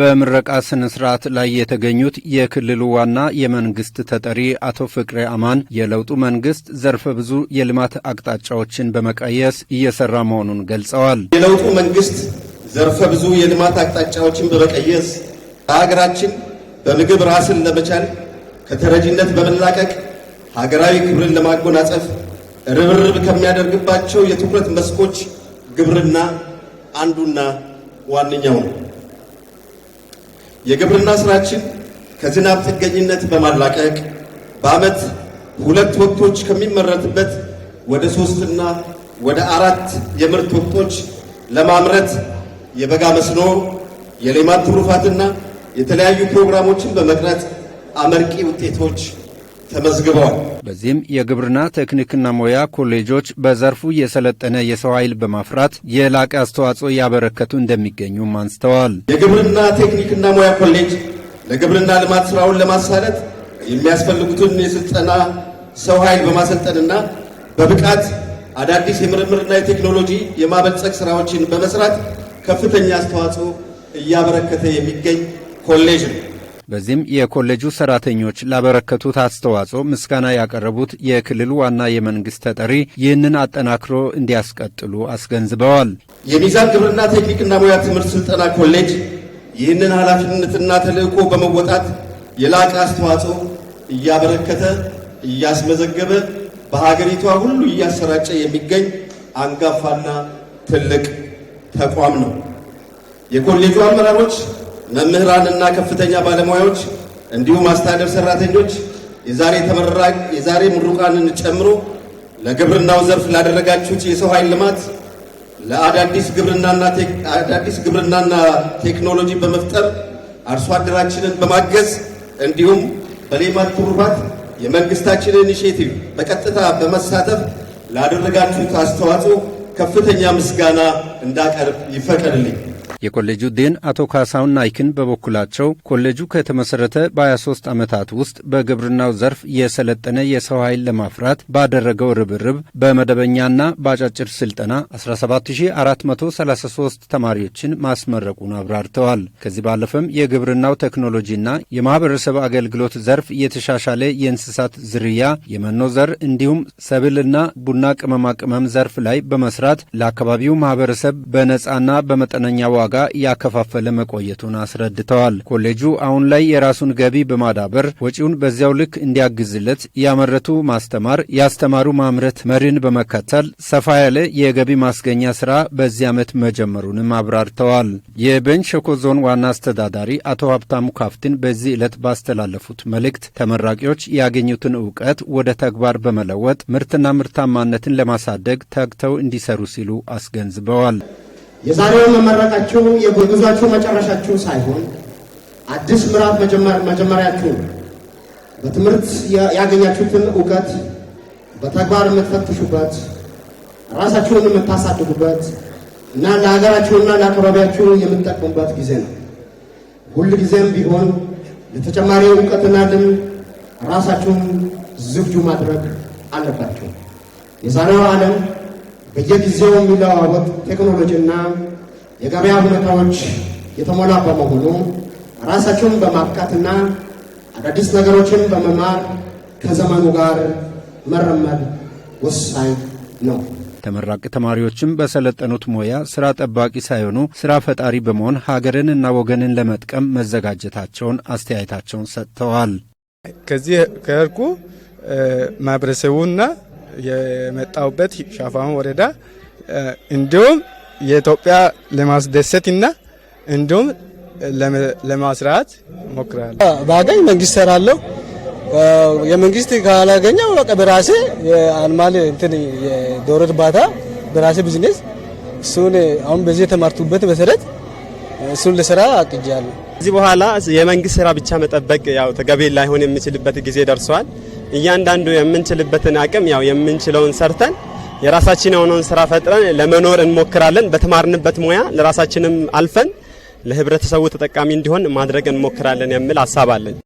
በምረቃ ስነ ስርዓት ላይ የተገኙት የክልሉ ዋና የመንግስት ተጠሪ አቶ ፍቅሬ አማን የለውጡ መንግስት ዘርፈ ብዙ የልማት አቅጣጫዎችን በመቀየስ እየሰራ መሆኑን ገልጸዋል። የለውጡ መንግስት ዘርፈ ብዙ የልማት አቅጣጫዎችን በመቀየስ በሀገራችን በምግብ ራስን ለመቻል ከተረጂነት በመላቀቅ ሀገራዊ ክብርን ለማጎናጸፍ ርብርብ ከሚያደርግባቸው የትኩረት መስኮች ግብርና አንዱና ዋነኛው ነው። የግብርና ስራችን ከዝናብ ጥገኝነት በማላቀቅ በዓመት ሁለት ወቅቶች ከሚመረትበት ወደ ሶስትና ወደ አራት የምርት ወቅቶች ለማምረት የበጋ መስኖ፣ የሌማት ትሩፋትና የተለያዩ ፕሮግራሞችን በመቅረጽ አመርቂ ውጤቶች ተመዝግበዋል። በዚህም የግብርና ቴክኒክና ሙያ ኮሌጆች በዘርፉ የሰለጠነ የሰው ኃይል በማፍራት የላቀ አስተዋጽኦ እያበረከቱ እንደሚገኙም አንስተዋል። የግብርና ቴክኒክና ሙያ ኮሌጅ ለግብርና ልማት ስራውን ለማሳለጥ የሚያስፈልጉትን የስልጠና ሰው ኃይል በማሰልጠንና በብቃት አዳዲስ የምርምርና የቴክኖሎጂ የማበልጸግ ስራዎችን በመስራት ከፍተኛ አስተዋጽኦ እያበረከተ የሚገኝ ኮሌጅ ነው። በዚህም የኮሌጁ ሰራተኞች ላበረከቱት አስተዋጽኦ ምስጋና ያቀረቡት የክልሉ ዋና የመንግስት ተጠሪ ይህንን አጠናክሮ እንዲያስቀጥሉ አስገንዝበዋል። የሚዛን ግብርና ቴክኒክና ሙያ ትምህርት ስልጠና ኮሌጅ ይህንን ኃላፊነትና ተልዕኮ በመወጣት የላቀ አስተዋጽኦ እያበረከተ እያስመዘገበ በሀገሪቷ ሁሉ እያሰራጨ የሚገኝ አንጋፋና ትልቅ ተቋም ነው። የኮሌጁ አመራሮች መምህራንና ከፍተኛ ባለሙያዎች እንዲሁም አስተዳደር ሰራተኞች የዛሬ ተመራቂ የዛሬ ምሩቃንን ጨምሮ ለግብርናው ዘርፍ ላደረጋችሁት የሰው ኃይል ልማት ለአዳዲስ ግብርናና አዳዲስ ግብርናና ቴክኖሎጂ በመፍጠር አርሶ አደራችንን በማገዝ እንዲሁም በሌማት ትሩፋት የመንግስታችንን ኢኒሼቲቭ በቀጥታ በመሳተፍ ላደረጋችሁት አስተዋጽኦ ከፍተኛ ምስጋና እንዳቀርብ ይፈቀድልኝ። የኮሌጁ ዴን አቶ ካሳሁን ናይክን በበኩላቸው ኮሌጁ ከተመሰረተ በ23 ዓመታት ውስጥ በግብርናው ዘርፍ የሰለጠነ የሰው ኃይል ለማፍራት ባደረገው ርብርብ በመደበኛና በአጫጭር ስልጠና 17433 ተማሪዎችን ማስመረቁን አብራርተዋል። ከዚህ ባለፈም የግብርናው ቴክኖሎጂና የማህበረሰብ አገልግሎት ዘርፍ የተሻሻለ የእንስሳት ዝርያ፣ የመኖ ዘር እንዲሁም ሰብልና ቡና ቅመማ ቅመም ዘርፍ ላይ በመስራት ለአካባቢው ማህበረሰብ በነፃና በመጠነኛ ዋጋ ዋጋ እያከፋፈለ መቆየቱን አስረድተዋል። ኮሌጁ አሁን ላይ የራሱን ገቢ በማዳበር ወጪውን በዚያው ልክ እንዲያግዝለት ያመረቱ ማስተማር፣ ያስተማሩ ማምረት መሪን በመከተል ሰፋ ያለ የገቢ ማስገኛ ስራ በዚህ ዓመት መጀመሩንም አብራርተዋል። የቤንች ሸኮ ዞን ዋና አስተዳዳሪ አቶ ሀብታሙ ካፍትን በዚህ ዕለት ባስተላለፉት መልእክት ተመራቂዎች ያገኙትን እውቀት ወደ ተግባር በመለወጥ ምርትና ምርታማነትን ለማሳደግ ተግተው እንዲሰሩ ሲሉ አስገንዝበዋል። የዛሬው መመረቃችሁ የጉዟችሁ መጨረሻችሁ ሳይሆን አዲስ ምዕራፍ መጀመሪያችሁ በትምህርት ያገኛችሁትን እውቀት በተግባር የምትፈትሹበት ራሳችሁን የምታሳድጉበት እና ለሀገራችሁና ለአካባቢያችሁ የምትጠቅሙበት ጊዜ ነው። ሁል ጊዜም ቢሆን ለተጨማሪ እውቀትና ልምድ ራሳችሁን ዝግጁ ማድረግ አለባችሁ። የዛሬው ዓለም በየጊዜው የሚለዋወጥ ቴክኖሎጂና የገበያ ሁኔታዎች የተሞላ በመሆኑ ራሳቸውን በማብቃትና አዳዲስ ነገሮችን በመማር ከዘመኑ ጋር መረመድ ወሳኝ ነው። ተመራቂ ተማሪዎችም በሰለጠኑት ሙያ ስራ ጠባቂ ሳይሆኑ ስራ ፈጣሪ በመሆን እና ወገንን ለመጥቀም መዘጋጀታቸውን አስተያየታቸውን ሰጥተዋል። ከዚህ ከርኩ ማህበረሰቡና የመጣውበት ሻፋሙ ወረዳ እንዲሁም የኢትዮጵያ ለማስደሰትና እንዲሁም ለማስራት ሞክራል። ባገኝ መንግስት ሰራለሁ። የመንግስት ካላገኘው በቃ በራሴ የአንማል እንትን የዶሮ እርባታ በራሴ ቢዝነስ እሱን አሁን በዚህ የተማርቱበት መሰረት እሱን ለስራ አቅጃለሁ። ከዚህ በኋላ የመንግስት ስራ ብቻ መጠበቅ ያው ተገቢ ላይሆን የሚችልበት ጊዜ ደርሷል። እያንዳንዱ የምንችልበትን አቅም ያው የምንችለውን ሰርተን የራሳችን የሆነውን ስራ ፈጥረን ለመኖር እንሞክራለን። በተማርንበት ሙያ ለራሳችንም አልፈን ለህብረተሰቡ ተጠቃሚ እንዲሆን ማድረግ እንሞክራለን የሚል ሀሳብ አለን።